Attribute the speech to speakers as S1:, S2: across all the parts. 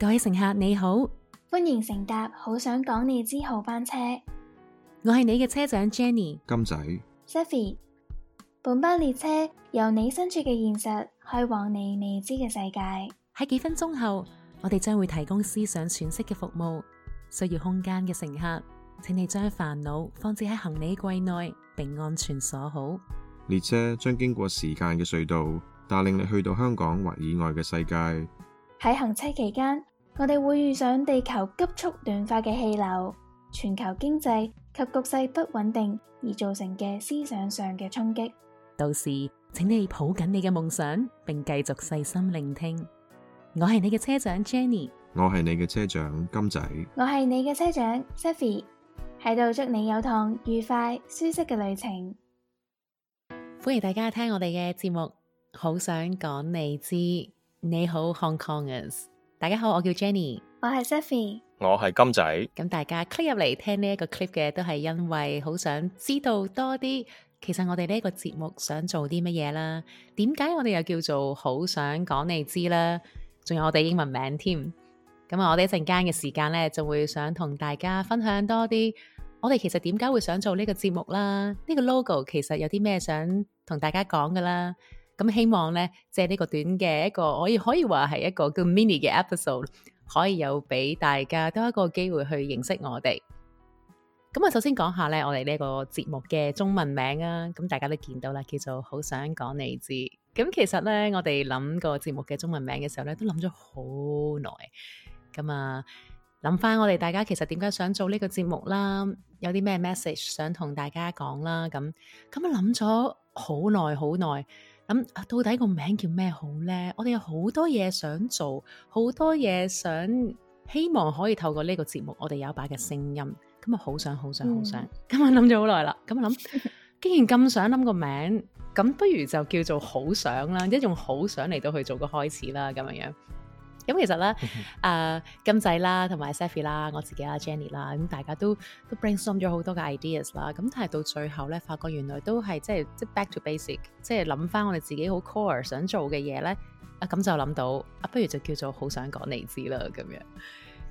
S1: 各位乘客你好，歡迎乘搭，好想港你知號班車。我係你嘅車長 Jenny，金仔，Sophie。本班列車
S2: 由你身處嘅現實開往你未知嘅世界。
S1: 喺幾分鐘後，我哋將會提供思想喘息嘅服務。需要空間嘅乘客，請你將煩惱放置喺行李櫃內，並安全鎖好。
S3: 列車將經過時間嘅隧道，帶領你去到香港或以外嘅世界。
S1: 喺行車
S2: 期間。我哋會遇上地球急速暖化嘅氣流、全球經濟及局勢不穩定而造成嘅思想上嘅衝擊。
S1: 到時，請你抱緊你嘅夢想，並繼續，續細心聆聽。我係你嘅車長 Jenny，
S3: 我係你嘅車長金仔，
S1: 我係你嘅車長 Safi，
S2: 喺度祝你有趟愉快舒適嘅旅程。
S1: 歡迎大家聽我哋嘅節目，好想港你知，你好 Hong Kongers。大家好，我叫 Jenny，我係 Sophie，
S3: 我係金仔。
S1: 咁大家 click 入嚟聽呢一個 clip 嘅，都係因為好想知道多啲，其實我哋呢個節目想做啲乜嘢啦？點解我哋又叫做好想港你知啦？仲有，我哋英文名添。咁啊，我哋呢一陣間嘅時間咧，就會想同大家分享多啲，我哋其實點解會想做呢個節目啦？呢個 logo 其實有啲咩想同大家講噶啦？咁希望咧，借呢個短嘅一個，可以可以話係一個叫 mini 嘅 episode，可以有俾大家多一個機會去認識我哋。咁啊，我首先講下咧，我哋呢個節目嘅中文名啊，咁大家都見到啦，叫做好想港你知。咁其實咧，我哋諗個節目嘅中文名嘅時候咧，都諗咗好耐。咁啊，諗返我哋大家其實點解想做呢個節目啦？有啲咩 message 想同大家講啦？咁咁諗咗好耐，好耐。咁、嗯、到底個名叫咩好咧？我哋有好多嘢想做，好多嘢想希望可以透過呢個節目，我哋有一把嘅聲音，咁啊好想好想好想，咁我諗咗好耐啦，咁啊諗，既然咁想諗個名，咁不如就叫做好想啦，一用「好想」嚟到去做個開始啦，咁樣樣。咁、嗯、其實咧， 啊金仔啦，同埋 Safi 啦，我自己啦、啊、Jenny 啦，咁大家都都 brainstorm 咗好多嘅 ideas 啦，咁但係到最後咧，發覺原來都係即係即 back to basic，即係諗翻我哋自己好 core 想做嘅嘢咧，啊咁就諗到啊，不如就叫做好想港你知啦，咁樣，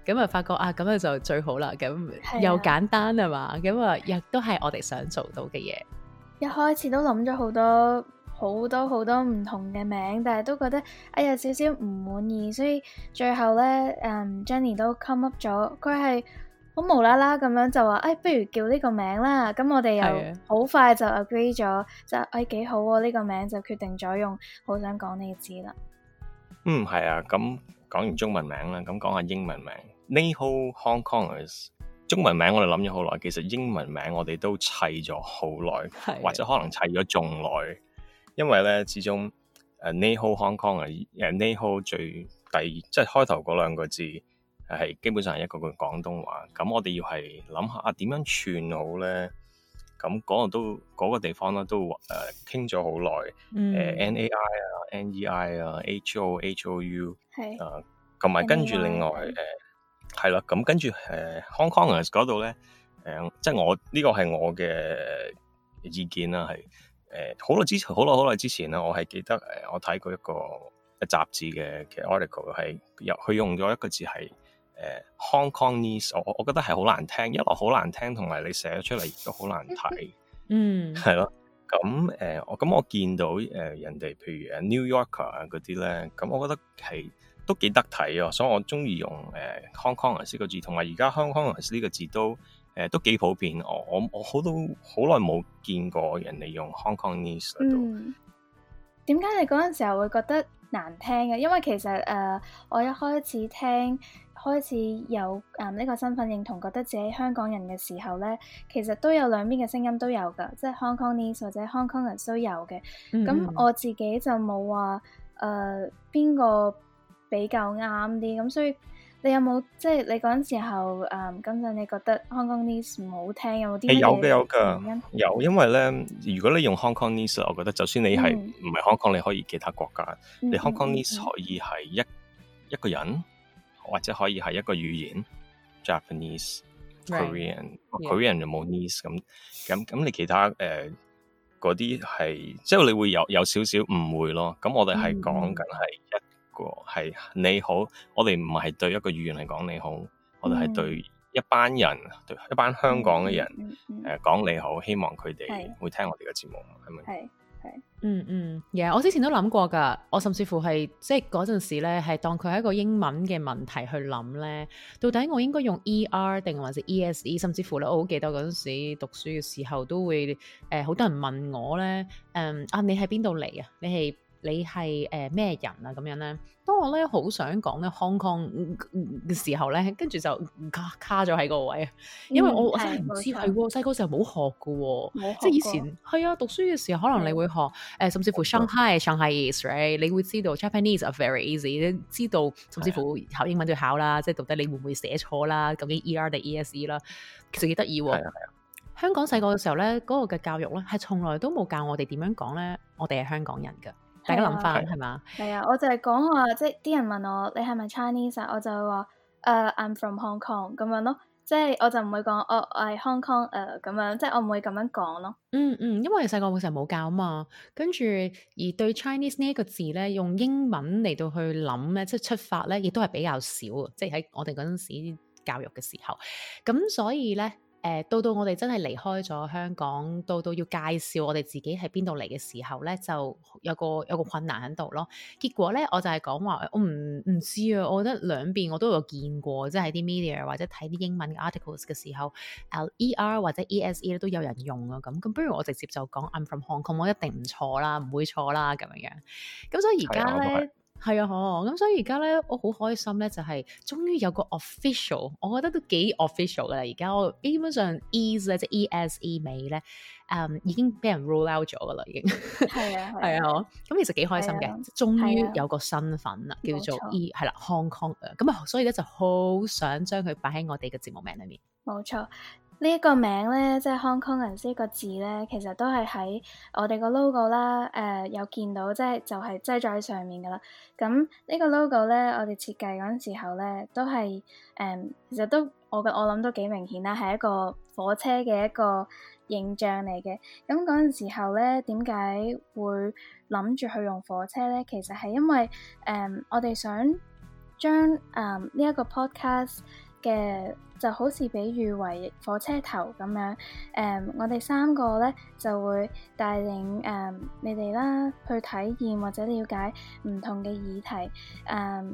S1: 咁啊發覺啊咁啊就最好啦，咁又簡單啊嘛，咁是啊亦都係我哋想做到嘅嘢，
S2: 一開始都諗咗好多。好多好多唔同嘅名，但係都覺得哎有少少唔滿意，所以最後咧，嗯、um, Jenny 都 come up 咗，佢係好無啦啦咁樣就話哎不如叫呢個名啦，咁我哋又好快就 agree 咗，就的哎幾好哦、啊、呢、呢個名就決定咗用，好想港你知啦、
S3: 嗯。嗯，係啊，咁講完中文名啦，咁講下英文名，Nei Ho 的 Hong Kongers。中文名我哋諗咗好耐，其實英文名我哋都砌咗好耐，的或者可能砌咗仲耐。因為咧，始終誒 Nei Ho Hong Kong 啊，Nei Ho 最第二，即係開頭嗰兩個字係、啊、基本上係一個個廣東話，咁我哋要係諗下點、啊、樣串好咧？咁、啊、嗰、那個都嗰、那個地方咧都誒傾咗好耐，
S2: 誒、啊嗯啊、N A I 啊
S3: ，N E I 啊，H O H O U 係誒是，同埋、啊、跟住另外誒係啦，咁、e 啊啊嗯啊、跟住誒 Hong Kong 啊嗰度咧，誒、啊、即係我呢、這個係我嘅意見啦，係。誒好耐之，好耐好耐之前啦，我係記得誒，我睇過一個嘅雜誌嘅嘅 article 係入佢用咗一個字係誒、呃、Hong Kongese，我我覺得係好難聽，一來好難聽，同埋你寫咗出嚟都好難睇， 嗯，係咯、嗯。咁誒我咁我見到誒人哋譬如 New Yorker 啊嗰啲咧，咁、嗯、我覺得係都幾得睇啊，所以我中意用誒、呃、Hong Kongese 個字，同埋而家 Hong Kongese 呢個字都，誒都幾普遍，我我我好都好耐冇見過人哋用 Hong Kongese 嚟到。
S2: 點解你嗰陣時候會覺得難聽嘅？因為其實誒、呃，我一開始聽，開始有誒呢、嗯這個身份認同，覺得自己香港人嘅時候咧，其實都有兩邊嘅聲音都有嘅，即係 Hong Kongese 或者 Hong Kong 人都有嘅。
S3: 咁、嗯、我
S2: 自己就冇話誒邊個比較啱啲，咁所以。你有冇即係你嗰陣時候，嗯，咁樣你覺得 Hong Kongese 唔好聽？有冇啲、欸？有嘅，有嘅，
S3: 有，因為咧，如果你用 Hong Kongese，我覺得就算你係唔係 Hong Kong 你可以其他國家，你 Hong Kongese 可以係一、mm hmm. 一個人，或者可以係一個語言，Japanese、mm、Korean，Korean、hmm. 又冇 ese 咁，咁咁你其他誒嗰啲係，即、呃、係、就是、你會有有少少誤會咯。咁我哋係講緊係一。Hmm. 係你好，我哋唔係對一個語言嚟講你好，mm hmm. 我哋係對一班人，對一班香港嘅人，誒講、mm hmm. 呃、你好，希望佢哋會聽我哋嘅節目，係咪、mm？係、hmm. 係是，嗯嗯，嘢、
S1: mm，hmm. yeah, 我之前都諗過噶，我甚至乎係即係嗰陣時咧，係當佢係一個英文嘅問題去諗咧，到底我應該用 E R 定還是 E S E，甚至乎咧，我好記得嗰陣時讀書嘅時候都會，誒、呃、好多人問我咧，誒啊你喺邊度嚟啊？你係。你你係誒咩人啊？咁樣咧，當我咧好想講咧 Hong Kong 嘅時候咧，跟住就卡卡咗喺嗰個位，
S3: 因為我真係唔知係
S1: 細個時候冇學嘅喎、喔，過即係以前係啊，讀書嘅時候可能你會學誒，嗯、甚至乎 Shanghai Shanghai、嗯、你會知道 Japanese are very easy，知道甚至乎考英文都要考啦，啊、即係到底你會唔會寫錯啦？究竟 E R 定 E S E 啦，其實幾得意喎！香港細個嘅時候咧，嗰、那個嘅教育咧係從來都冇教我哋點樣講咧，我哋係香港人嘅。大家諗返係嘛？係
S2: 啊，吧啊，我就係講話，即係啲人問我，你係咪 Chinese 啊？我就會話誒、uh，I'm from Hong Kong 咁樣咯。即係我就唔會講我我係 Hong Kong 誒、uh、咁樣，即
S1: 係我唔會咁樣講咯。嗯嗯，因為細個會成日冇教啊嘛，跟住而對 Chinese 呢一個字咧，用英文嚟到去諗咧，即係出發咧，亦都係比較少。即係喺我哋嗰陣時教育嘅時候，咁所以咧。誒到到我哋真係離開咗香港，到到要介紹我哋自己喺邊度嚟嘅時候咧，就有個有個困難喺度咯。結果咧，我就係講話我唔唔知啊。我覺得兩邊我都有見過，即係啲 media 或者睇啲英文嘅 articles 嘅時候，L.E.R 或者 E.S.E 都有人用啊。咁咁不如我直接就講 I'm from Hong Kong，我一定唔錯啦，唔會錯啦咁樣樣。咁所以而家咧。係啊，嗬、嗯！咁所以而家咧，我好開心咧，就係終於有個 official，我覺得都幾 official 噶啦。而家我基本上 E 咧、e，即 E S E 美咧，誒，已經俾人 roll out 咗噶啦，已經係啊，係啊，咁、啊嗯、其實幾開心嘅，終於、啊、有個身份啦，啊、叫做 E 係冇錯啦，Hong Kong 咁啊、嗯，所以咧就好想將佢擺喺我哋嘅節目名裏面。
S2: 冇錯。呢一個名咧，即係 Hong Kongers。呢個字咧，其實都係喺我哋個 logo 啦。誒、呃，有見到即係就係擠咗喺上面噶啦。咁呢個 logo 咧，我哋設計嗰陣時候咧，都係誒、嗯，其實都我嘅我諗都幾明顯啦，係一個火車嘅一個形象嚟嘅。咁嗰陣時候咧，點解會諗住去用火車咧？其實係因為誒、嗯，我哋想將誒呢一個 podcast。嘅就好似比喻為火車頭咁樣。誒、um，我哋三個咧就會帶領誒、um, 你哋啦去體驗或者了解唔同嘅議題。誒、um，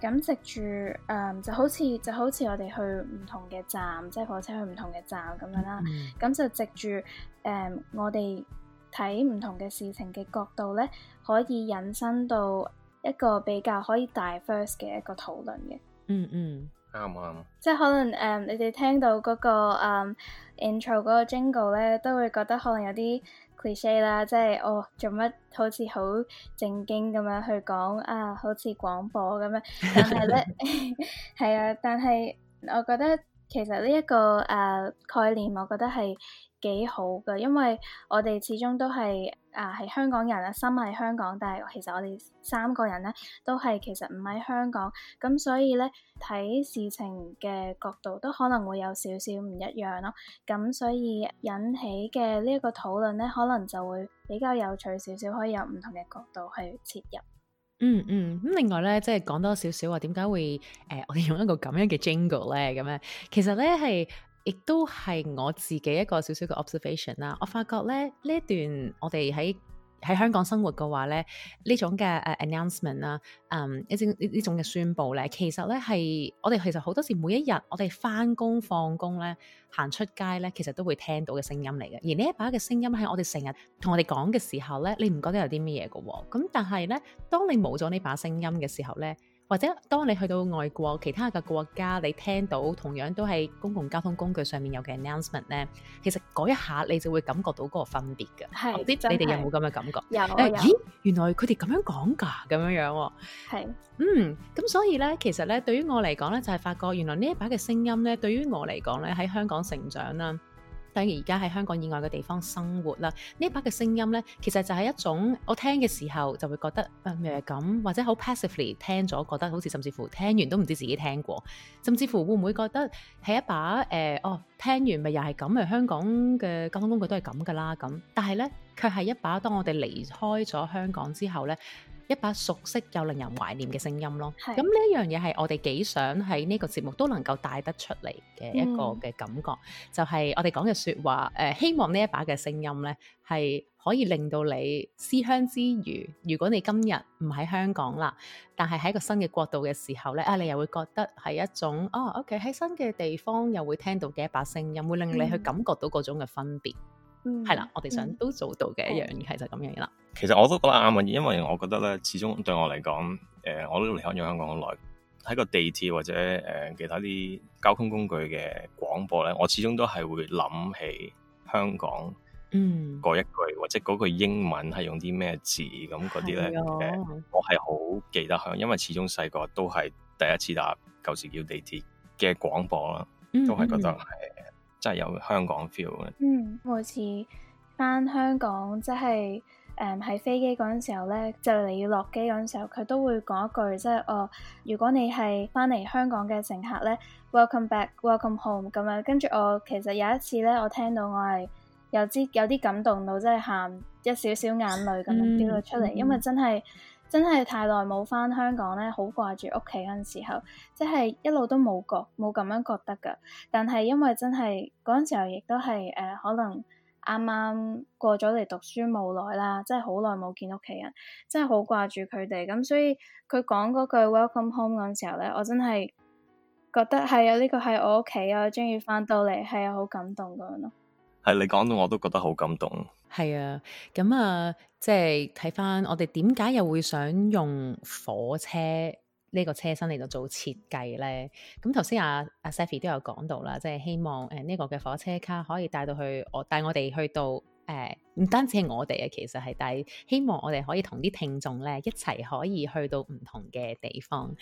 S2: 咁藉住誒就好似就好似我哋去唔同嘅站，即、就、係、是、火車去唔同嘅站咁樣啦。咁、mm hmm. 就藉住誒、um, 我哋睇唔同嘅事情嘅角度咧，可以引申到一個比較可以 diverse 嘅一個討論嘅。嗯嗯、mm。Hmm. 啱啊！即係可能誒，um, 你哋聽到嗰、嗰個嗯、um, intro 嗰個 jingle 咧，都會覺得可能有啲 cliche 啦。即係我、哦、做乜好似好正經咁樣去講啊，好似廣播咁樣。但係咧，係 啊，但係我覺得其實呢、呢、一個誒、uh, 概念，我覺得係。幾好嘅，因為我哋始終都係啊，係香港人啊，心繫香港。但係其實我哋三個人咧，都係其實唔喺香港，咁所以咧睇事情嘅角度，都可能會有少少唔一樣咯、哦。咁所以引起嘅呢一個討論咧，可能就會比較有趣少少，可以有唔同嘅角度去切入。嗯
S1: 嗯，咁、嗯、另外咧，即係講多少少話，點解會誒、呃，我哋用一個咁樣嘅 jingle 咧，咁樣，其實咧係。亦都係我自己一個少少嘅 observation 啦，我發覺呢呢段我哋喺喺香港生活嘅話呢，呢種嘅誒 announcement 啦、啊，嗯，一啲呢呢種嘅宣佈呢，其實呢係我哋其實好多時每一日我哋返工放工呢行出街呢，其實都會聽到嘅聲音嚟嘅。而呢把嘅聲音喺我哋成日同我哋講嘅時候呢，你唔覺得有啲咩嘢嘅喎？咁但係呢，當你冇咗呢把聲音嘅時候呢。或者，當你去到外國其他嘅國家，你聽到同樣都係公共交通工具上面有嘅 announcement 咧，其實嗰一下你就會感覺到嗰個分別嘅。係，啲你哋有冇咁嘅感覺？有有。咦，原來佢哋咁樣講㗎，咁樣樣喎。係。嗯，咁所以咧，其實咧，對於我嚟講咧，就係發覺原來呢一把嘅聲音咧，對於我嚟講咧，喺香港成長啦。想而家喺香港以外嘅地方生活啦，把的呢把嘅聲音咧，其實就係一種，我聽嘅時候就會覺得誒咁、呃，或者好 passively 聽咗，覺得好似甚至乎聽完都唔知自己聽過，甚至乎會唔會覺得係一把誒、呃、哦，聽完咪又係咁誒，香港嘅交通工具都係咁噶啦咁，但係咧，卻係一把當我哋離開咗香港之後咧，一把熟悉又令人懷念嘅聲音咯，咁呢一樣嘢係我哋幾想喺呢個節目都能夠帶得出嚟嘅一個嘅感覺，嗯、就係我哋講嘅説話，誒、呃、希望呢一把嘅聲音咧係可以令到你思鄉之餘，如果你今日唔喺香港啦，但係喺一個新嘅國度嘅時候咧，啊你又會覺得係一種哦，OK 喺新嘅地方又會聽到嘅一把聲音，會令你去感覺到嗰種嘅分別。嗯係啦、嗯，我哋想都做到嘅一樣，係、嗯、就咁樣啦。
S3: 其實我都覺得啱啊，因為我覺得咧，始終對我嚟講，誒、呃、我都離開咗香港好耐。喺個地鐵或者誒、呃、其他啲交通工具嘅廣播咧，我始終都係會諗起香港，嗯，嗰一句或者嗰句英文係用啲咩字咁嗰啲咧？誒，嗯呃、我係好記得香，因為始終細個都係第一次搭舊時叫地鐵嘅廣播啦，都係覺得係、嗯。嗯。真係有香港 feel 嘅。
S2: 嗯，每次翻香港，即係誒喺飛機嗰陣時候咧，就嚟要落機嗰陣時候，佢都會講一句，即係哦，如果你係翻嚟香港嘅乘客咧，Welcome back，Welcome home 咁樣。跟住我其實有一次咧，我聽到我係有啲有啲感動到真，即係喊一少少眼淚咁樣掉咗出嚟，嗯嗯、因為真係。真係太耐冇翻香港咧，好掛住屋企嗰陣時候，即係一路都冇覺冇咁樣覺得噶。但係因為真係嗰陣時候亦都係誒，可能啱啱過咗嚟讀書冇耐啦，真係好耐冇見屋企人，真係好掛住佢哋咁，所以佢講嗰句 Welcome home 嗰陣時候咧，我真係覺得係啊，呢個係我屋企啊，終於翻到嚟。係啊，好感動
S1: 咁樣咯。
S3: 係你講到我都覺得好感動。係
S1: 啊，咁啊，即係睇翻我哋點解又會想用火車呢個車身嚟到做設計咧？咁頭先阿阿 Safie 都有講到啦，即係希望誒呢個嘅火車卡可以帶到去我帶我哋去到誒，唔、呃、單止係我哋啊，其實係帶希望我哋可以同啲聽眾咧一齊可以去到唔同嘅地方。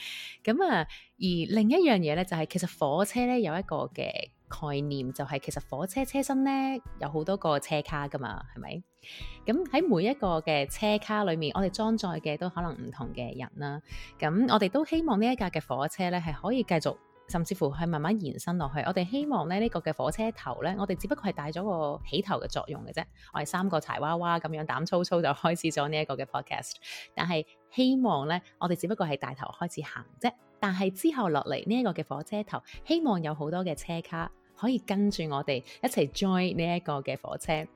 S1: 咁啊，而另一樣嘢咧就係、是，其實火車咧有一個嘅。概念就係、是、其實火車車身呢，有好多個車卡㗎嘛，係咪？咁喺每一個嘅車卡裏面，我哋裝載嘅都可能唔同嘅人啦。咁我哋都希望呢一架嘅火車呢，係可以繼續，甚至乎係慢慢延伸落去。我哋希望咧呢、這個嘅火車頭呢，我哋只不過係帶咗個起頭嘅作用嘅啫。我哋三個柴娃娃咁樣膽粗粗就開始咗呢一個嘅 podcast，但係希望呢，我哋只不過係帶頭開始行啫。但係之後落嚟呢一個嘅火車頭，希望有好多嘅車卡。可以跟住我哋一齊 join 呢一個嘅火車。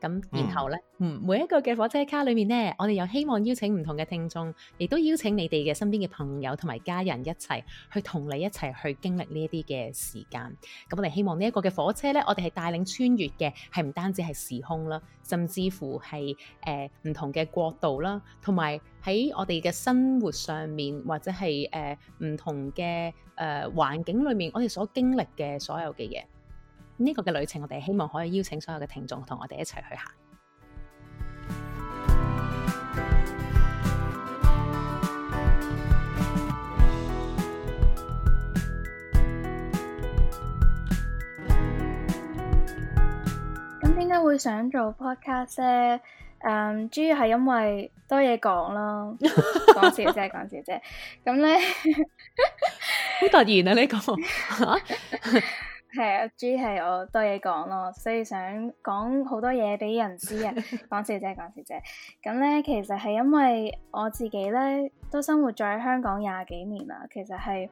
S1: 咁，然後咧，嗯，每一個嘅火車卡裏面咧，我哋又希望邀請唔同嘅聽眾，亦都邀請你哋嘅身邊嘅朋友同埋家人一齊去同你一齊去經歷呢一啲嘅時間。咁我哋希望呢一個嘅火車咧，我哋係帶領穿越嘅，係唔單止係時空啦，甚至乎係誒唔同嘅國度啦，同埋喺我哋嘅生活上面或者係誒唔同嘅、誒、呃、環境裏面，我哋所經歷嘅所有嘅嘢。呢個嘅旅程，我哋希望可以邀請所有嘅聽眾同我哋一齊去行。
S2: 咁點解會想做 podcast 咧？誒，um，主要係因為多嘢講咯，講笑啫，講笑啫。咁咧，
S1: 好 一大面突然啊呢個。
S2: 係啊，主要係我多嘢講咯，所以想講好多嘢俾人知啊，講笑啫，講笑啫。咁咧，其實係因為我自己咧都生活在香港廿幾年啦，其實係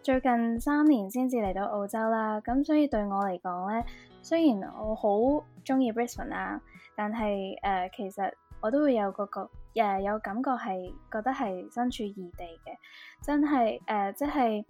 S2: 最近三年先至嚟到澳洲啦，咁所以對我嚟講咧，雖然我好中意 Brisbane 啊，但係誒、呃，其實我都會有個覺誒、呃、有感覺係覺得係身處異地嘅，真係誒、呃，即係。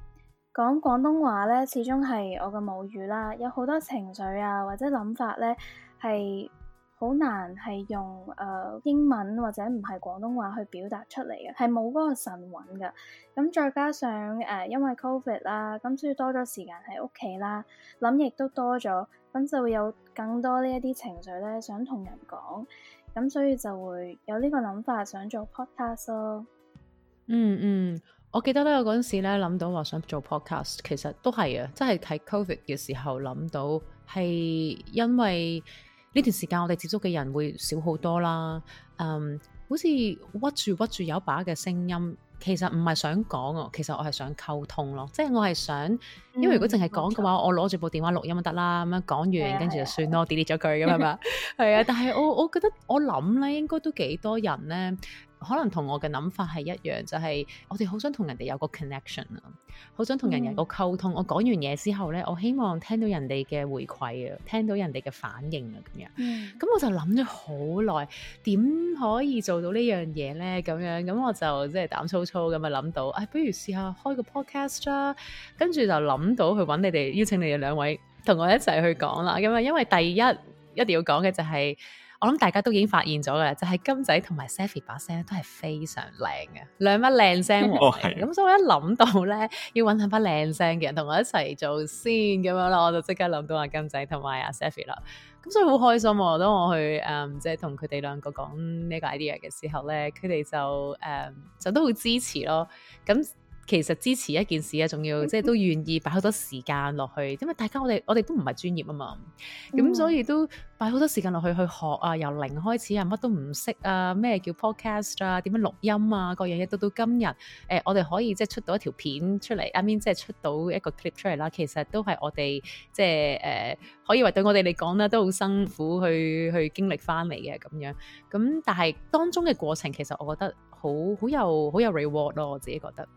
S2: 講廣東話咧，始終係我嘅母語啦，有好多情緒啊或者諗法咧，係好難係用誒、呃、英文或者唔係廣東話去表達出嚟嘅，係冇嗰個神韻㗎。咁再加上誒、呃，因為 Covid 啦，咁所以多咗時間喺屋企啦，諗亦都多咗，咁就會有更多呢一啲情緒咧，想同人講，咁所以就會有呢個諗法，想做 podcast 咯。嗯嗯。
S1: 嗯我記得咧，我嗰陣時咧諗到話想做 podcast，其實都係啊，真係喺 covid 嘅時候諗到，係因為呢段時間我哋接觸嘅人會少好多啦。嗯，好似屈住屈住有把嘅聲音，其實唔係想講啊，其實我係想溝通咯，即係我係想，因為如果淨係講嘅話，嗯、我攞住部電話錄音都得啦，咁樣講完跟住就算咯，delete 咗佢咁係嘛，係啊。但係我我覺得我諗咧，應該都幾多人咧。可能同我嘅諗法係一樣，就係、是、我哋好想同人哋有個 connection 啊，好想同人哋有個溝通。嗯、我講完嘢之後呢，我希望聽到人哋嘅回饋啊，聽到人哋嘅反應啊，咁樣。咁、嗯、我就諗咗好耐，點可以做到呢樣嘢呢？咁樣咁我就即係膽粗粗咁啊諗到，哎，不如試下開個 podcast 啦。跟住就諗到去揾你哋，邀請你哋兩位同我一齊去講啦。咁啊，因為第一一定要講嘅就係、是。我諗大家都已經發現咗嘅，就係金仔同埋 Safi 把聲咧都係非常靚嘅，兩把靚聲。哦，係。咁所以我一諗到咧，要揾兩把靚聲嘅人同我一齊做先，咁樣啦，我就即刻諗到阿金仔同埋阿 Safi 啦。咁所以好開心，啊，當我去嗯即係同佢哋兩個講呢個 idea 嘅時候咧，佢哋就誒，呃，就都好支持咯。咁。其實支持一件事啊，仲要即係都願意擺好多時間落去，因為大家我哋我哋都唔係專業啊嘛，咁、嗯、所以都擺好多時間落去去學啊，由零開始啊，乜都唔識啊，咩叫 podcast 啊，點樣錄音啊，各樣嘢，到到今日誒、呃，我哋可以即係出到一條片出嚟，I mean, 即係出到一個 clip 出嚟啦。其實都係我哋即係誒、呃、可以話對我哋嚟講咧都好辛苦去去經歷翻嚟嘅咁樣咁，但係當中嘅過程其實我覺得好好有好有 reward 咯，我自己覺得。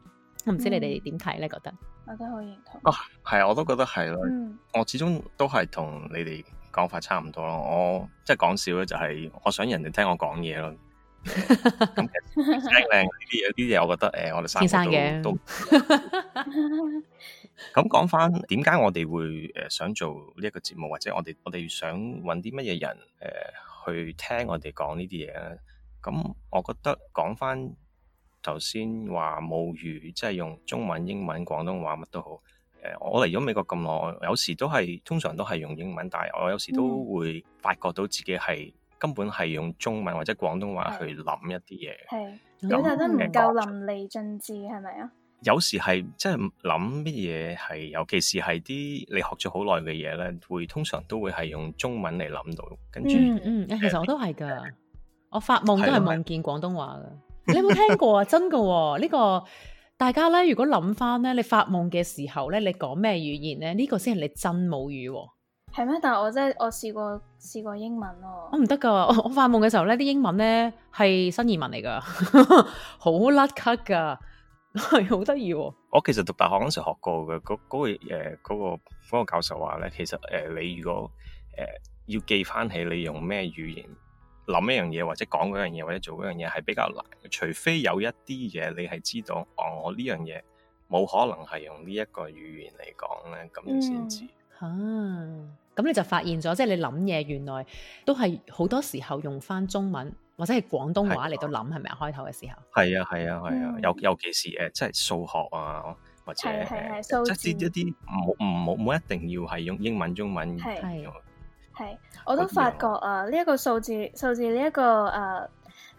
S1: 我唔知你哋點睇咧？嗯、
S3: 覺得我都好認同。哦、啊，係、啊，我都覺得係咯、嗯。我始終都係同你哋講法差唔多咯。我即係講笑咧，就係我想人哋聽我講嘢咯。咁、 嗯、其實、聽靚呢啲有啲嘢，我覺得誒，我哋天生嘅都。咁講翻，點 解 我哋會誒想做呢一個節目，或者我哋我哋想揾啲乜嘢人誒去聽我哋講呢啲嘢咧？咁我覺得講翻。頭先話母語，即係用中文、英文、廣東話乜都好。誒、呃，我嚟咗美國咁耐，有時都係通常都係用英文，但係我有時都會發覺到自己係根本係用中文或者廣東話去諗一啲嘢，係
S2: 顯得唔夠淋漓盡致，係咪
S3: 啊？有時係即係諗乜嘢係，尤其是係啲你學咗好耐嘅嘢咧，會通常都會係用中文嚟諗到，跟住嗯嗯，其實我都係噶、嗯嗯嗯，我發夢都係夢見廣東話噶。
S1: 你有冇聽過啊？真噶呢、哦這個大家咧，如果諗翻咧，你發夢嘅時候咧，你講咩語言咧？呢、這個先係你真母語、哦。
S2: 係咩？但係我真係我試過試過英文、哦
S1: 哦，我唔得噶。我我發夢嘅時候咧，啲英文咧係新移民嚟噶，好 甩咳 u 噶，係好得意。
S3: 我其實讀大學嗰時學過嘅，嗰、那、嗰個誒個嗰個教授話咧，其實誒、呃、你如果誒、呃、要記翻起你用咩語言。諗一樣嘢，或者講嗰樣嘢，或者做嗰樣嘢，係比較難。除非有一啲嘢，你係知道，哦，我呢樣嘢冇可能係用呢一個語言嚟講咧，咁樣先知。
S1: 嚇、嗯！咁、啊、你就發現咗，即係你諗嘢原來都係好多時候用翻中文或者係廣東話嚟到諗，係咪、啊、開頭嘅時候？
S3: 係啊，係啊，係啊。尤、啊嗯、尤其是誒，即係數學啊，或者誒，啊啊、即係一啲一啲冇冇冇一定要係用英文，英文、中
S1: 文。
S2: 係，我都發覺啊，呢一個數字數字呢，這、一個誒呢、呃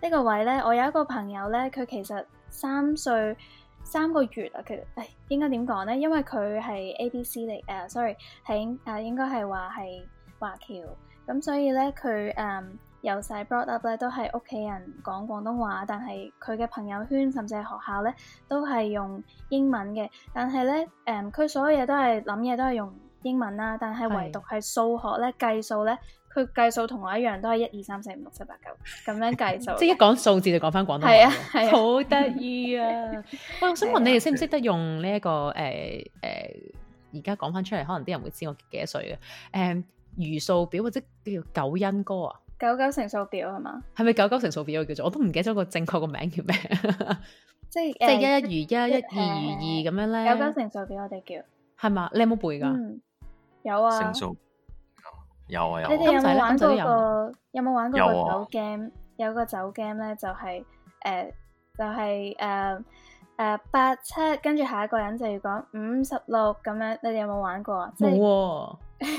S2: 這個位咧，我有一個朋友咧，佢其實三歲三個月啊，佢誒、哎、應該點講咧？因為佢係 A B C 嚟、uh, 誒，sorry 係誒、呃、應該係話係華僑，咁所以咧佢誒由細 brought up 咧都係屋企人講廣東話，但係佢嘅朋友圈甚至係學校咧都係用英文嘅，但係咧誒佢所有嘢都係諗嘢都係用。英文啦，但係唯獨係數學咧計數咧，佢計數同我一樣都係一二三四五六七八九咁樣計數。即係一
S1: 講數字就講翻廣東話，係啊，係啊，好
S2: 得意啊！喂，
S1: 我想問你哋識唔識得用呢一個誒誒，而家講翻出嚟，可能啲人會知我幾多歲啊？誒，餘數表或者叫九因歌啊，
S2: 九九乘數表係嘛？
S1: 係咪九九乘數表叫做？我都唔記得咗個正確個名叫咩？即係即係一一如一，一二如二咁樣咧。九九
S2: 乘數表我哋叫
S1: 係嘛？你有冇背噶？
S3: 有啊，有啊有啊。你哋有冇玩過個？
S2: 有冇、啊、玩過個酒 game？有、啊、有個酒 game 咧，就係、是、誒、呃，就係誒誒八七，跟、呃、住、呃、下一個人就要講五十六咁樣。你哋有冇玩過啊？即
S1: 係，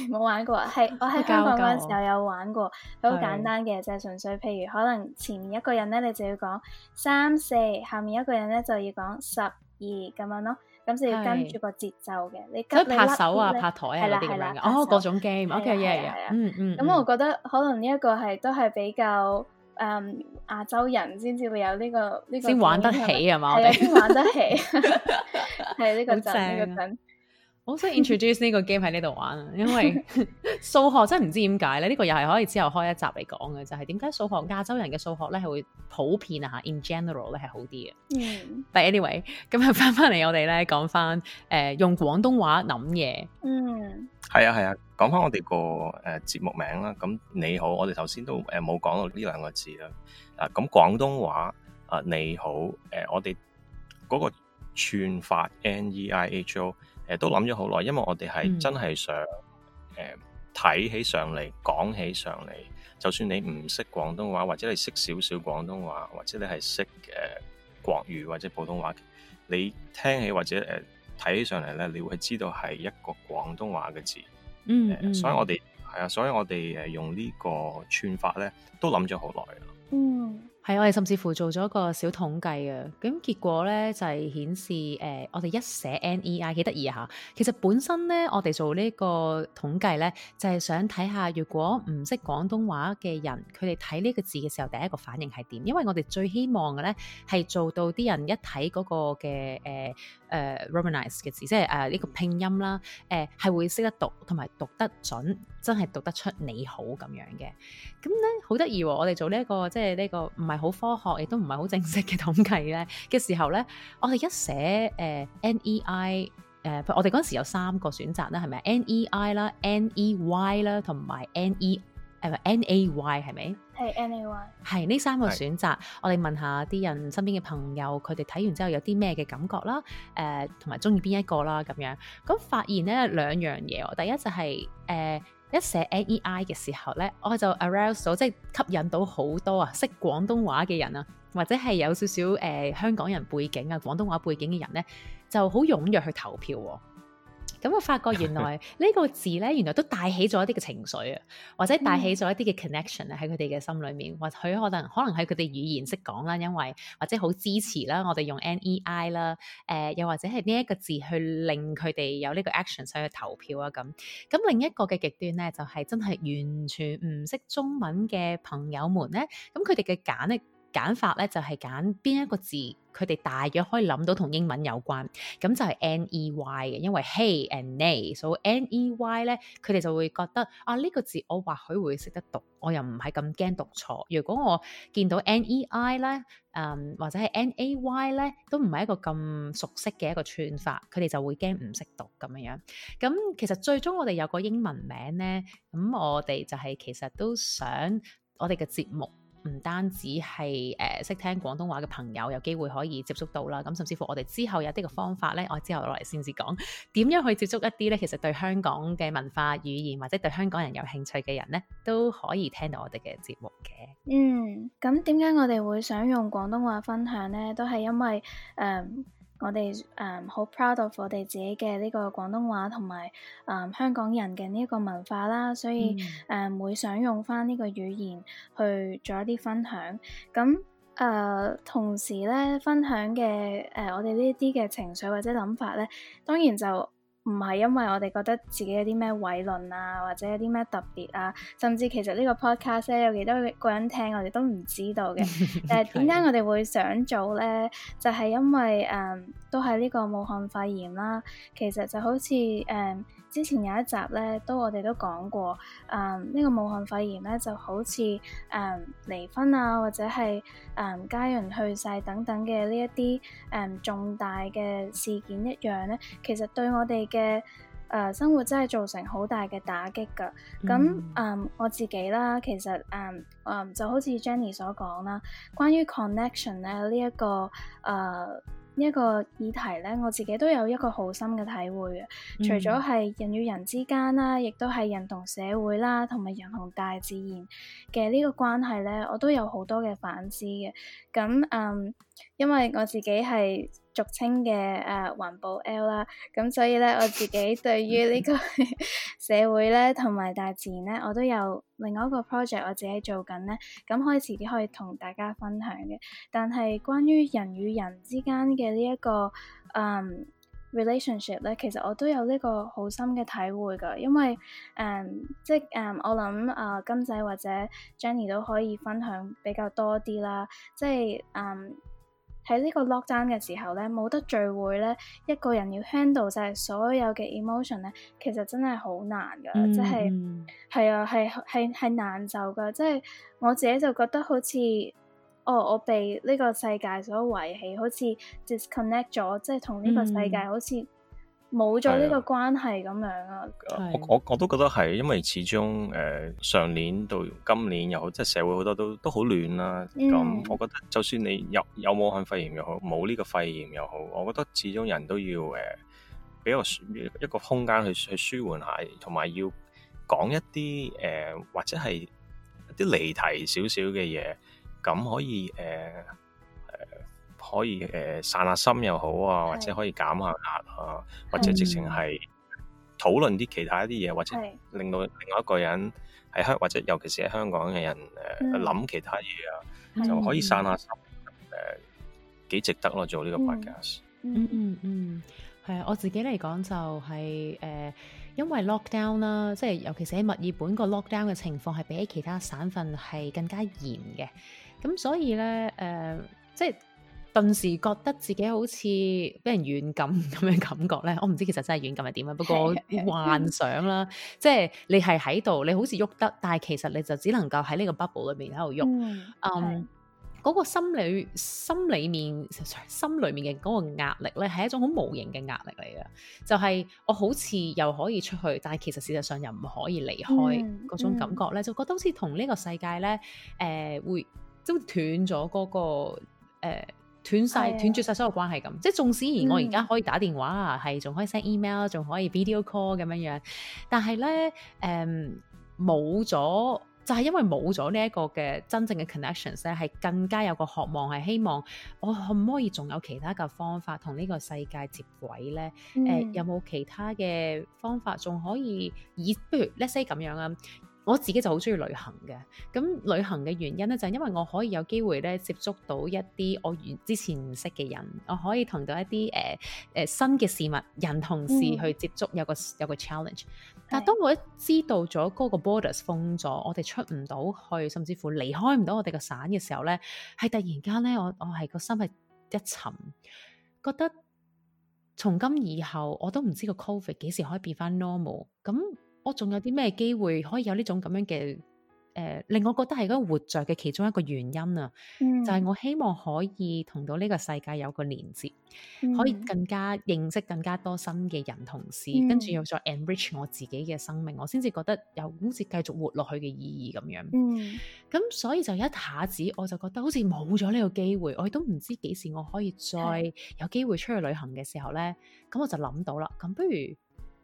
S2: 冇玩過。係我喺香港嗰陣時有玩過，好簡單嘅，就係、是、純粹譬如可能是前面一個人咧，你就要講三四，下面一個人咧就要講十二咁樣咯。咁就要跟住個節奏嘅，你跟拍手啊，拍台啊啲咁嘅，哦各
S1: 種 game，ok，一樣，嗯嗯。咁我覺
S2: 得可能呢一個係都係比較誒亞洲人先至會有呢個呢個先玩得起係嘛？係啊，先玩得起，係呢個正。
S1: 好想 introduce 呢個 game 喺呢度玩啊，因為數 學真係唔知點解咧？呢、這個又係可以之後開一集嚟講嘅，就係點解數學亞洲人嘅數學咧係會普遍啊吓？In general 咧係好啲嘅。嗯。Mm. But anyway，今日翻翻嚟我哋咧講翻誒用廣東話諗嘢。嗯。
S3: 係啊，係啊，講翻、啊、我哋個誒節目名啦。咁你好，我哋頭先都誒冇講到呢兩個字啦。啊咁廣東話啊、呃、你好，誒、呃、我哋嗰個串法 N E I H O。誒，都諗咗好耐，因為我哋係真係想誒睇、嗯呃、起上嚟，講起上嚟，就算你唔識廣東話，或者你識少少廣東話，或者你係識誒國、呃、語或者普通話，你聽起或者誒睇、呃、起上嚟咧，你會知道係一個廣東話嘅字。嗯，嗯、呃，
S1: 所以我
S3: 哋係啊，所以我哋誒用個呢個串法咧，都諗咗好耐啊。嗯。
S1: 係，我哋甚至乎做咗個小統計啊，咁結果咧就係、是、顯示，誒、呃，我哋一寫 NEI 幾得意吓。其實本身咧，我哋做呢個統計咧，就係、是、想睇下，如果唔識廣東話嘅人，佢哋睇呢個字嘅時候，第一個反應係點？因為我哋最希望嘅咧，係做到啲人一睇嗰個嘅誒誒、呃呃、Romanised 嘅字，即係誒呢個拼音啦，誒、呃、係會識得讀，同埋讀得準。真係讀得出你好咁樣嘅，咁咧好得意喎！我哋做呢、這、一個即係呢個唔係好科學，亦都唔係好正式嘅統計咧嘅時候咧，我哋一寫誒、呃、n e i 誒、呃，我哋嗰陣時有三個選擇啦，係咪？n e i 啦，n e y 啦，同埋 n e 誒 n a y 係咪？係 n a y 係呢三個選擇，是我哋問下啲人身邊嘅朋友，佢哋睇完之後有啲咩嘅感覺啦？誒、呃，同埋中意邊一個啦？咁樣咁發現咧兩樣嘢，第一就係、是、誒。呃一寫 NEI 嘅時候咧，我就 arouse 到即係吸引到好多啊識廣東話嘅人啊，或者係有少少誒香港人背景啊，廣東話背景嘅人咧，就好踴躍去投票喎、啊。咁我發覺原來呢 個字咧，原來都帶起咗一啲嘅情緒啊，或者帶起咗一啲嘅 connection 喺佢哋嘅心裏面，或許可能可能係佢哋語言識講啦，因為或者好支持啦，我哋用 NEI 啦、呃，誒又或者係呢一個字去令佢哋有呢個 action 想去投票啊咁，咁另一個嘅極端咧就係、是、真係完全唔識中文嘅朋友們咧，咁佢哋嘅簡歷。揀法咧就係揀邊一個字，佢哋大約可以諗到同英文有關，咁就係 n e y 嘅，因為 hey and n a y 所以 n e y 咧佢哋就會覺得啊呢、呢個字我或許會識得讀，我又唔係咁驚讀錯。如果我見到 n e i 咧，誒、嗯、或者係 n a y 咧，都唔係一個咁熟悉嘅一個串法，佢哋就會驚唔識讀咁樣樣。咁其實最終我哋有個英文名咧，咁我哋就係其實都想我哋嘅節目。唔單止係誒識聽廣東話嘅朋友有機會可以接觸到啦，咁、嗯、甚至乎我哋之後有啲嘅方法呢，我之後落嚟先至講點樣去接觸一啲呢，其實對香港嘅文化語言或者對香港人有興趣嘅人呢，都可以聽到我哋嘅節目嘅。嗯，
S2: 咁點解我哋會想用廣東話分享呢？都係因為誒，呃我哋誒好、um, proud of 我哋自己嘅呢個廣東話同埋誒香港人嘅呢一個文化啦，所以誒、um, 會想用翻呢個語言去做一啲分享。咁誒、呃、同時咧，分享嘅誒、呃、我哋呢啲嘅情緒或者諗法咧，當然就。唔係，因為我哋覺得自己有啲咩偉論啊，或者有啲咩特別啊，甚至其實個呢個 podcast 咧有幾多個人聽，我哋都唔知道嘅。誒點解我哋會想做咧？就係、是、因為誒、嗯、都係呢個武漢肺炎啦。其實就好似誒、嗯、之前有一集咧，都我哋都講過誒呢、嗯呢個武漢肺炎咧，就好似誒、嗯、離婚啊，或者係誒、嗯、家人去世等等嘅呢一啲誒重大嘅事件一樣咧。其實對我哋。嘅誒、呃、生活真係造成好大嘅打擊㗎，咁嗯、呃、我自己啦，其實嗯嗯、呃呃、就好似 Jenny 所講啦，關於 connection 咧呢、這、一個誒呢一個議題咧，我自己都有一個好深嘅體會嘅。嗯、
S3: 除咗係
S2: 人與人之間啦，亦都係人同社會啦，同埋人同大自然嘅呢個關係咧，我都有好多嘅反思嘅。咁嗯、呃，因為我自己係。俗稱嘅誒、呃、環保 L 啦，咁所以咧我自己對於呢個社會咧同埋大自然咧，我都有另外一個 project 我自己做緊咧，咁可以遲啲可以同大家分享嘅。但係關於人與人之間嘅、這個嗯、呢一個誒 relationship 咧，其實我都有呢個好深嘅體會㗎，因為誒、嗯、即係誒、嗯、我諗誒、呃、金仔或者 Jenny 都可以分享比較多啲啦，即係誒。嗯喺呢個 lockdown 嘅時候咧，冇得聚會咧，一個人要 handle 晒所有嘅 emotion 咧，其實真係好難㗎，即係係啊，係係係難受㗎，即係我自己就覺得好似，哦，我被呢個世界所遺棄，好似 disconnect 咗，即係同呢個世界好似。Mm hmm. 冇咗呢
S3: 個關係咁的樣啊的！我我我都覺得係，因為始終誒、呃、上年到今年又好，即係社會好多都都好亂啦。咁、嗯、我覺得，就算你有有冇武漢肺炎又好，冇呢個肺炎又好，我覺得始終人都要誒畀我一個空間去去舒緩下，同埋要講一啲誒、呃、或者係一啲離題少少嘅嘢，咁可以誒。呃可以誒、呃、散下心又好啊，或者可以減下壓，壓啊，的或者直情係討論啲其他一啲嘢，的或者令到另外一個人喺香，或者尤其是喺香港嘅人誒諗的其他嘢啊，的就可以散下心誒，幾的、呃、值得咯、啊、做呢個 podcast。嗯嗯嗯，
S1: 係、嗯、啊、嗯嗯，我自己嚟講就係、是、誒、呃，因為 lockdown 啦，即係尤其是喺墨爾本個 lockdown 嘅情況係比起其他省份係更加嚴嘅，咁所以咧誒，即、呃、係。就是頓時覺得自己好似俾人軟禁咁嘅感覺咧，我唔知其實真係軟禁係點啊。不過幻想啦，即係 你係喺度，你好似喐得，但係其實你就只能夠喺呢個 bubble 裏邊喺度喐。嗯，嗰、um, 的個心裏心裡面心裡面嘅嗰個壓力咧，係一種好無形嘅壓力嚟嘅，就係、是、我好似又可以出去，但係其實事實上又唔可以離開嗰、嗯、種感覺咧，就覺得好似同呢個世界咧，誒、呃、會即斷咗嗰、那個、呃斷曬斷絕曬所有關係咁，即係縱使而我而家可以打電話啊，係仲、嗯、可以 send email，仲可以 video call 咁樣樣，但係咧誒，冇、嗯、咗就係、是、因為冇咗呢一個嘅真正嘅 connections 咧，係更加有個渴望係希望我可唔可以仲有其他嘅方法同呢個世界接軌咧？誒、嗯呃，有冇其他嘅方法仲可以以不如 let's say 咁樣啊？我自己就好中意旅行嘅，咁旅行嘅原因咧就係因為我可以有機會咧接觸到一啲我之前唔識嘅人，我可以同到一啲誒誒新嘅事物、人、同事去接觸，有個有個 challenge。嗯、但係當我一知道咗嗰個 borders 封咗，我哋出唔到去，甚至乎離開唔到我哋個省嘅時候咧，係突然間咧，我我係個心係一沉，覺得從今以後我都唔知個 COVID 幾時可以變翻 normal。咁我仲有啲咩機會可以有呢種咁樣嘅誒、呃，令我覺得係一個活著嘅其中一個原因啊？Mm hmm. 就係我希望可以同到呢個世界有個連接，mm hmm. 可以更加認識更加多新嘅人，同事，mm hmm. 跟住又再 enrich 我自己嘅生命，我先至覺得有好似繼續活落去嘅意義咁樣。嗯、mm，咁、hmm. 所以就一下子我就覺得好似冇咗呢個機會，我都唔知幾時我可以再有機會出去旅行嘅時候咧，咁 Yeah. 我就諗到啦，咁不如。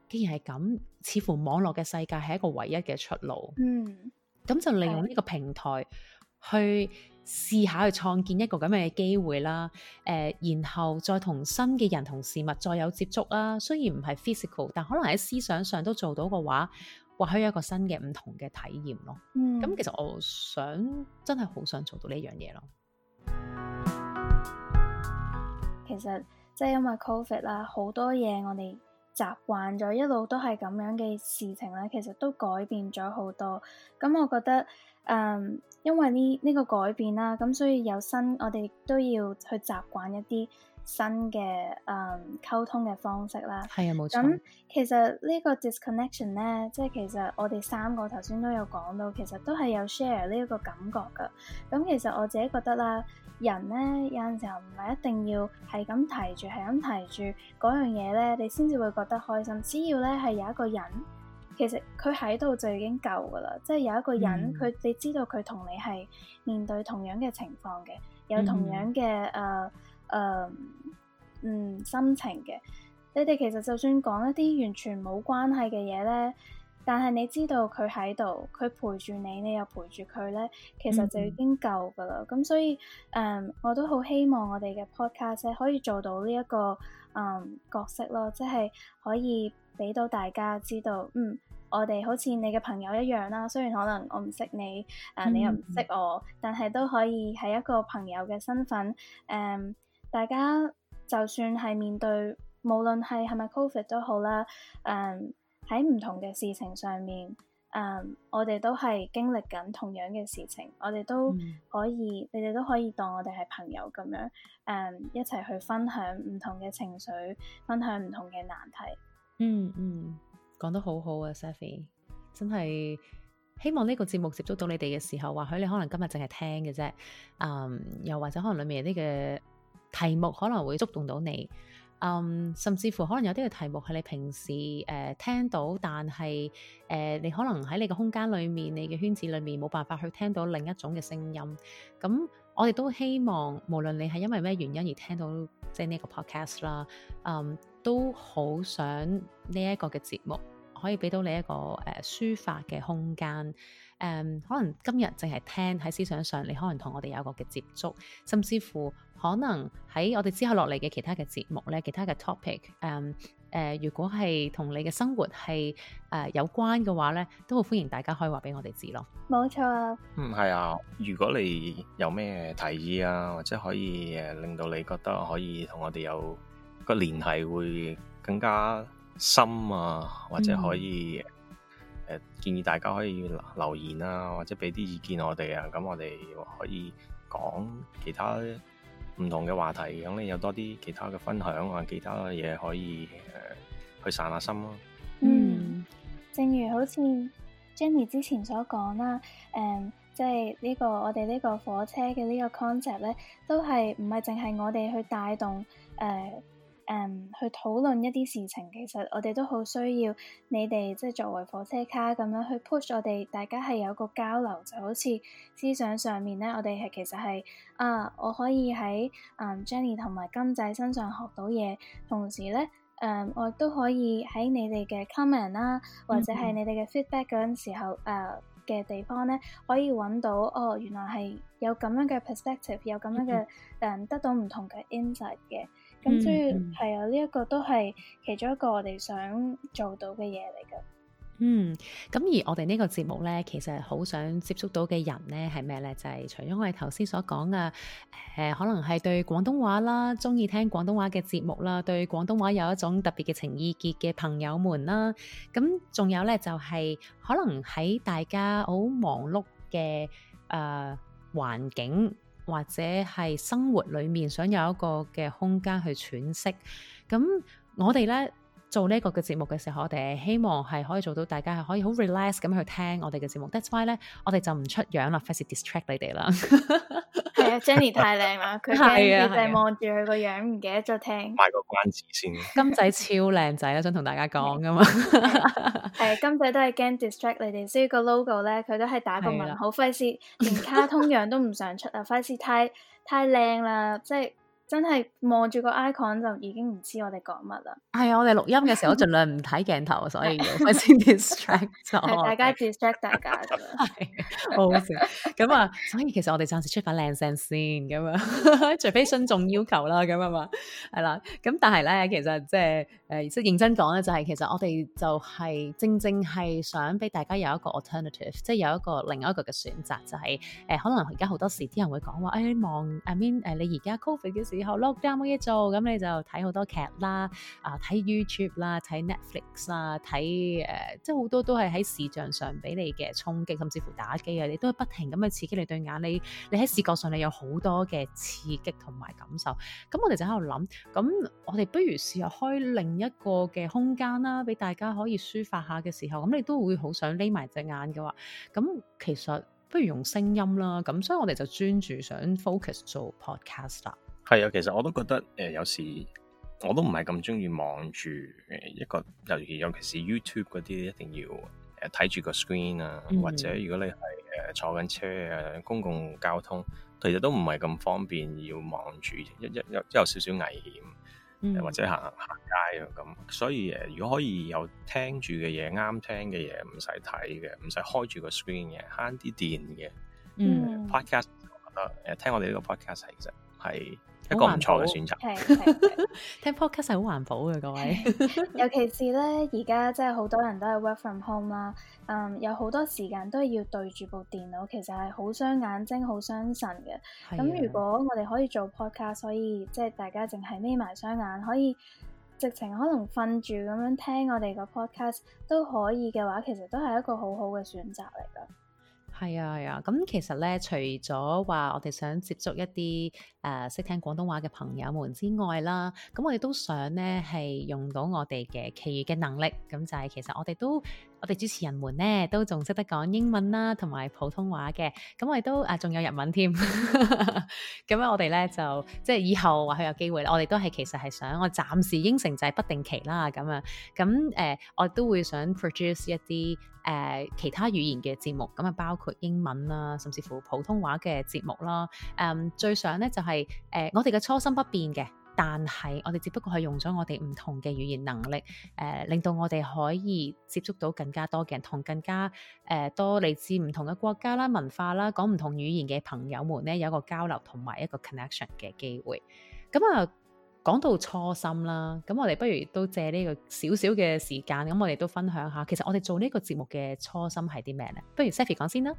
S1: 既然係咁，似乎網絡嘅世界係一個唯一嘅出路。嗯，咁就利用呢個平台去試下去創建一個咁樣嘅機會啦。誒、呃，然後再同新嘅人同事物再有接觸啦。雖然唔係 physical，但可能喺思想上都做到嘅話，或許有一個新嘅唔同嘅體驗咯。嗯，咁其實我想真係好想做到呢樣嘢咯。
S2: 其實即係因為 Covid 啦，好多嘢我哋。習慣咗一路都係咁樣嘅事情咧，其實都改變咗好多。咁我覺得，嗯，因為呢呢個改變啦，咁所以有新，我哋都要去習慣一啲。新嘅誒、嗯、溝通嘅方式啦，係啊，冇錯。咁其實呢個 disconnection 咧，即係其實我哋三個頭先都有講到，其實都係有 share 呢一個感覺噶。咁其實我自己覺得啦，人咧有陣時候唔係一定要係咁提住，係咁提住嗰樣嘢咧，你先至會覺得開心。只要咧係有一個人，其實佢喺度就已經夠噶啦。即係有一個人，佢、嗯、你知道佢同你係面對同樣嘅情況嘅，有同樣嘅誒。嗯呃誒，um, 嗯、心情嘅。你哋其實就算講一啲完全冇關係嘅嘢咧，但係你知道佢喺度，佢陪住你，你又陪住佢咧，其實就已經夠噶啦。咁、嗯、所以，誒、嗯，我都好希望我哋嘅 podcast 可以做到呢、這、一個誒、嗯、角色咯，即係可以俾到大家知道，嗯，我哋好似你嘅朋友一樣啦、啊。雖然可能我唔識你，誒、嗯，uh, 你又唔識我，嗯、但係都可以喺一個朋友嘅身份，誒、um, 大家就算係面對，無論係係咪 Covid 都好啦，誒喺唔同嘅事情上面，誒、um, 我哋都係經歷緊同樣嘅事情，我哋都可以，嗯、你哋都可以當我哋係朋友咁樣，誒、um, 一齊去分享唔同嘅情緒，分享唔同嘅難題。
S1: 嗯嗯，講、嗯、得好好啊，Safi，真係希望呢個節目接觸到你哋嘅時候，或許你可能今日淨係聽嘅啫，誒、um, 又或者可能裏面有啲嘅。題目可能會觸動到你，嗯，甚至乎可能有啲嘅題目係你平時誒、呃、聽到，但係誒、呃、你可能喺你嘅空間裏面、你嘅圈子裏面冇辦法去聽到另一種嘅聲音。咁、嗯、我哋都希望，無論你係因為咩原因而聽到即係呢個 podcast 啦，嗯，都好想呢一個嘅節目可以俾到你一個誒抒發嘅空間。誒，um, 可能今日淨係聽喺思想上，你可能同我哋有一個嘅接觸，甚至乎可能喺我哋之後落嚟嘅其他嘅節目咧，其他嘅 topic，誒誒，如果係同你嘅生活係誒、呃、有關嘅話咧，都好歡迎大家可以話俾我哋知咯。冇錯
S3: 啊。嗯，係啊。如果你有咩提議啊，或者可以誒令到你覺得可以同我哋有個聯繫會更加深啊，或者可以、嗯。誒、呃、建議大家可以留言啊，或者俾啲意見我哋啊，咁我哋可以講其他唔同嘅話題，咁你有多啲其他嘅分享啊，其他嘢可以誒、呃、去散下心咯、啊嗯嗯。嗯，
S2: 正如好似 Jenny 之前所講啦，誒，即係呢個我哋呢個火車嘅呢個 concept 咧，都係唔係淨係我哋去帶動誒。嗯誒、um, 去討論一啲事情，其實我哋都好需要你哋，即、就、係、是、作為火車卡咁樣去 push 我哋。大家係有個交流，就好似思想上面咧，我哋係其實係啊，我可以喺啊、嗯、Jenny 同埋金仔身上學到嘢，同時咧誒、嗯，我亦都可以喺你哋嘅 comment 啦，或者係你哋嘅 feedback 嗰陣時候誒嘅、呃、地方咧，可以揾到哦，原來係有咁樣嘅 perspective，有咁樣嘅誒，嗯、哼得到唔同嘅 insight 嘅。咁即係啊！呢一個都係其中一個我哋想做到嘅嘢嚟㗎。嗯，
S1: 咁而我哋呢個節目咧，其實好想接觸到嘅人咧，係咩咧？就係、是、除咗我哋頭先所講啊，誒、呃，可能係對廣東話啦，鍾意聽廣東話嘅節目啦，對廣東話有一種特別嘅情意結嘅朋友們啦。咁、嗯、仲有咧，就係、是、可能喺大家好忙碌嘅誒、呃、環境。或者係生活裏面想有一個嘅空間去喘息，咁我哋呢，做呢個嘅節目嘅時候，我哋希望係可以做到大家係可以好 relax 咁去聽我哋嘅節目。That's why 咧，我哋就唔出樣啦，費事 distract 你哋啦。
S2: 係啊，Jenny 太靚啦，佢驚你哋望住佢個樣，唔記得咗聽。
S1: 賣個關子先。金仔超靚仔呀，想同大家講㗎嘛。
S2: 係，金仔都係驚 distract 你哋，所以個 logo 咧，佢都係打個問號。費事連卡通樣都唔想出啊！費事太太靚啦，即係。真係望住個 icon 就已經唔知我哋講乜啦。
S1: 係啊、哎，我哋錄音嘅時候盡量唔睇鏡頭，所以要先 distract 咗，大家
S2: distract 大家
S1: 嘅。係， 好。咁啊，所以其實我哋暫時出份靚聲先，咁啊， 除非信眾要求啦，咁啊嘛，係啦。咁但係咧，其實即係誒，即、呃、係認真講咧、就是，就係其實我哋就係正正係想俾大家有一個 alternative，即係有一個另外一個嘅選擇，就係、是、誒、呃，可能而家好多時啲人會講話，誒、哎，希望，I mean，誒，你而家 covid 嘅時。然後 lock down 冇嘢做，咁你就睇好多劇啦，啊睇 YouTube 啦，睇 Netflix 啦，睇誒、呃，即係好多都係喺視像上俾你嘅衝擊，甚至乎打機啊，你都係不停咁去刺激你對眼，你你喺視覺上你有好多嘅刺激同埋感受。咁我哋就喺度諗，咁我哋不如試下開另一個嘅空間啦，俾大家可以抒發下嘅時候，咁你都會好想匿埋隻眼嘅話，咁其實不如用聲音啦。咁所以我哋就專注想 focus 做 podcast 啦。
S3: 係啊，其實我都覺得誒、呃，有時我都唔係咁中意望住誒一個，尤其尤其是 YouTube 嗰啲，一定要誒睇住個 screen 啊，嗯、或者如果你係誒、呃、坐緊車啊，公共交通，其實都唔係咁方便要望住，一、呃、一有有少少危險、呃，或者行行街啊咁，所以誒、呃、如果可以有聽住嘅嘢，啱聽嘅嘢，唔使睇嘅，唔使開住個 screen 嘅，慳啲電嘅，嗯、呃，podcast 我覺得誒聽我哋呢個 podcast 其實係。一個唔錯嘅選
S1: 擇，係係 聽 podcast 係好環保嘅各位， 尤其
S2: 是咧而家即係好多人都係 work from home 啦，嗯，有好多時間都係要對住部電腦，其實係好傷眼睛、好傷神嘅。咁如果我哋可以做 podcast，所以即係大家淨係眯埋雙眼，可以直情可能瞓住咁樣聽我哋個 podcast 都可以嘅話，其實都係一個好好嘅選擇嚟㗎。
S1: 係啊係啊，咁其實咧，除咗話我哋想接觸一啲誒識聽廣東話嘅朋友們之外啦，咁我哋都想咧係用到我哋嘅其餘嘅能力，咁就係其實我哋都。我哋主持人們呢都仲識得講英文啦，同埋普通話嘅，咁我哋都啊仲有日文添，咁 咧我哋呢就即係以後話佢有機會，我哋都係其實係想我暫時應承就係不定期啦咁啊，咁誒、呃、我都會想 produce 一啲誒、呃、其他語言嘅節目，咁啊包括英文啦，甚至乎普通話嘅節目啦，誒、嗯、最想呢就係、是、誒、呃、我哋嘅初心不變嘅。但係，我哋只不過係用咗我哋唔同嘅語言能力，誒、呃、令到我哋可以接觸到更加多嘅人，同更加誒、呃、多嚟自唔同嘅國家啦、文化啦，講唔同語言嘅朋友們咧，有一個交流同埋一個 connection 嘅機會。咁啊，講到初心啦，咁我哋不如都借呢個少少嘅時間，咁我哋都分享下，其實我哋做呢個節目嘅初心係啲咩咧？不如 Safi 講先啦。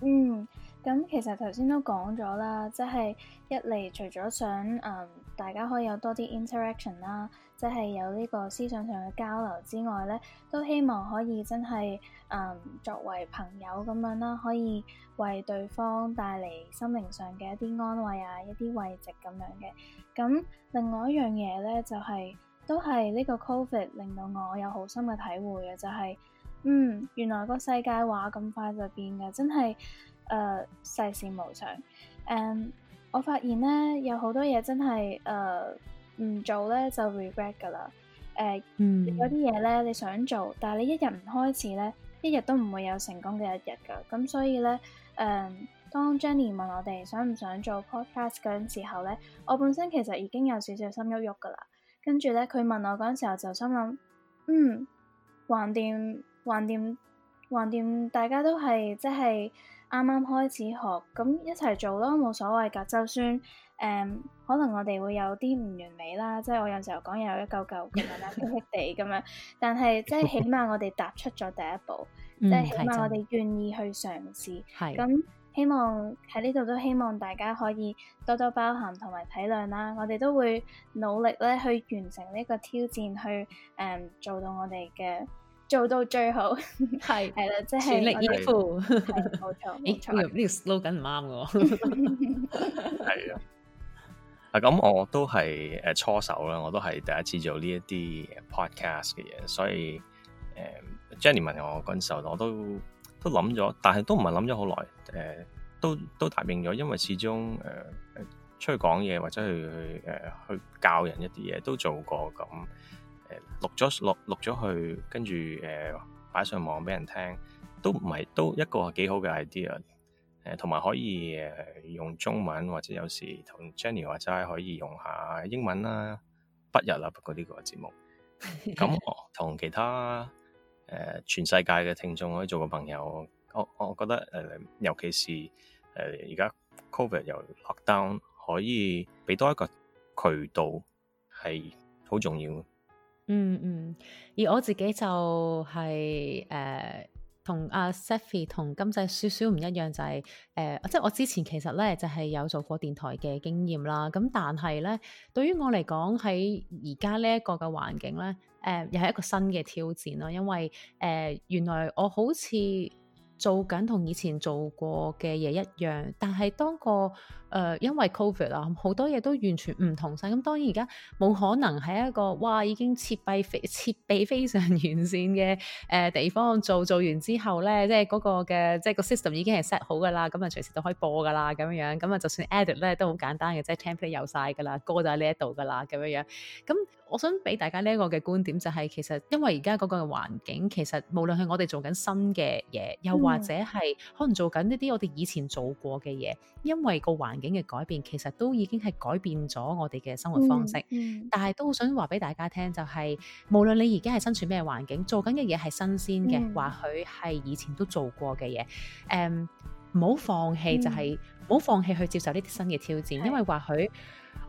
S1: 嗯。
S2: 嗯咁其實頭先都講咗啦，即係一嚟除咗想嗯大家可以有多啲 interaction 啦，即係有呢個思想上嘅交流之外咧，都希望可以真係嗯作為朋友咁樣啦，可以為對方帶嚟心靈上嘅一啲安慰啊，一啲慰藉咁樣嘅。咁另外一樣嘢咧，就係都係呢個 COVID 令到我有好深嘅體會嘅，就係嗯原來個世界話咁快就變嘅，真係。誒、uh, 世事無常，誒、um, 我發現咧有好多嘢真係誒唔做咧就 regret 噶啦。誒有啲嘢咧你想做，但係你一日唔開始咧，一日都唔會有成功嘅一日噶。咁所以咧，誒、um, 當 Jenny 問我哋想唔想做 podcast 嗰陣時候咧，我本身其實已經有少少心鬱鬱噶啦。跟住咧，佢問我嗰陣時候就心諗，嗯，橫掂，橫掂，橫掂，大家都係即係。啱啱開始學，咁一齊做咯，冇所謂噶。就算誒，可能我哋會有啲唔完美啦，即係我有時候講嘢有一嚿嚿咁樣，黑黑地咁樣。但係即係起碼我哋踏出咗第一步， 即係起碼我哋願意去嘗試。咁、嗯、希望喺呢度都希望大家可以多多包涵同埋體諒啦。我哋都會努力咧去完成呢個挑戰，去誒、嗯、做到我哋嘅。做到最好，係係
S1: 啦，即係全力以赴，冇、就是、的錯。哎 誒，呢條 slogan 唔啱嘅喎，
S3: 係啊。 啊，咁我都係誒初手啦，我都係第一次做呢一啲 podcast 嘅嘢，所以誒 Jenny 問我嗰陣時候，我都都諗咗，但係都唔係諗咗好耐。誒、呃，都都答應咗，因為始終誒、呃、出去講嘢或者去誒、呃、去教人一啲嘢都做過咁。錄咗錄咗去，跟住誒擺上網畀人聽，都唔係都一個幾好嘅 idea、呃。誒同埋可以誒、呃、用中文，或者有時同 Jenny 或者可以用下英文啦、啊，不入啦。不過呢個節目咁，我 同其他誒、呃、全世界嘅聽眾可以做個朋友。我我覺得誒、呃，尤其是誒而、呃、家 Covid 又 lock down，可以畀多一個渠道係好重要。
S1: 嗯嗯，而我自己就係、是、誒同、呃、阿 Safi 同金仔少少唔一樣，就係、是、誒、呃、即係我之前其實咧就係、是、有做過電台嘅經驗啦。咁但係咧，對於我嚟講喺而家呢一個嘅環境咧，誒、呃、又係一個新嘅挑戰咯。因為誒、呃、原來我好似做緊同以前做過嘅嘢一樣，但係當個誒、呃，因為 Covid 啊，好多嘢都完全唔同晒，咁當然而家冇可能係一個哇，已經設備非設備非常完善嘅誒、呃、地方做，做完之後咧，即係嗰、那個嘅即係個 system 已經係 set 好噶啦，咁啊隨時都可以播噶啦，咁樣樣，咁啊就算 edit 咧都好簡單嘅，即係 template 有晒噶啦，歌就喺呢一度噶啦，咁樣樣。咁我想俾大家呢一個嘅觀點就係、是，其實因為而家嗰個環境，其實無論係我哋做緊新嘅嘢，又或者係可能做緊一啲我哋以前做過嘅嘢，嗯嗯、因為個環境嘅改變，其實都已經係改變咗我哋嘅生活方式。嗯，嗯但係都好想話俾大家聽、就是，就係無論你而家係身處咩環境，做緊嘅嘢係新鮮嘅，或許係以前都做過嘅嘢。誒、um, 就是，唔好、嗯、放棄，就係唔好放棄去接受呢啲新嘅挑戰。嗯、因為或許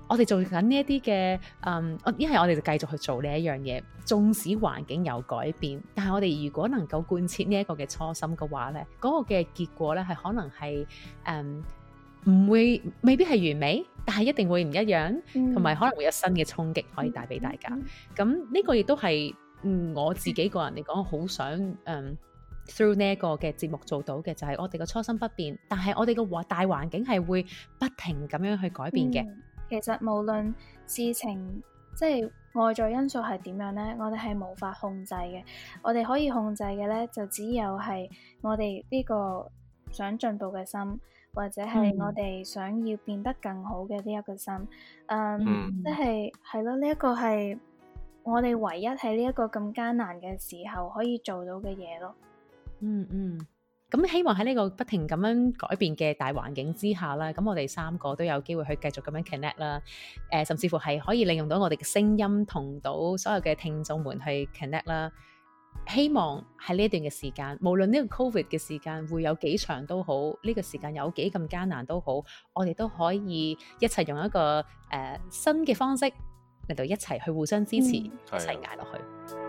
S1: 我哋做緊呢一啲嘅，嗯，我因為我哋就繼續去做呢一樣嘢。縱使環境有改變，但係我哋如果能夠貫徹呢一個嘅初心嘅話咧，嗰、嗰個嘅結果咧係可能係，誒、嗯。唔會未必係完美，但係一定會唔一樣，同埋、嗯、可能會有新嘅衝擊可以帶俾大家。咁呢、嗯、個亦都係我自己個人嚟講，好想嗯 through 呢個嘅節目做到嘅，就係、是、我哋嘅初心不變，但係我哋嘅大環境係會不停咁樣去改變嘅、嗯。
S2: 其實無論事情即係外在因素係點樣咧，我哋係無法控制嘅。我哋可以控制嘅咧，就只有係我哋呢個想進步嘅心。或者係我哋想要變得更好嘅呢一個心，誒、um，即係係咯，呢一、um, 就是這個係我哋唯一喺呢一個咁艱難嘅時候可以做到嘅嘢咯。嗯嗯，
S1: 咁、嗯、希望喺呢個不停咁樣改變嘅大環境之下啦，咁我哋三個都有機會去繼續咁樣 connect 啦，誒、呃，甚至乎係可以利用到我哋嘅聲音，同到所有嘅聽眾們去 connect 啦。希望喺呢一段嘅時間，無論呢個 Covid 嘅時間會有幾長都好，呢、呢個時間有幾咁艱難都好，我哋都可以一齊用一個誒、呃、新嘅方式嚟到一齊去互相支持，嗯、一齊捱落去。嗯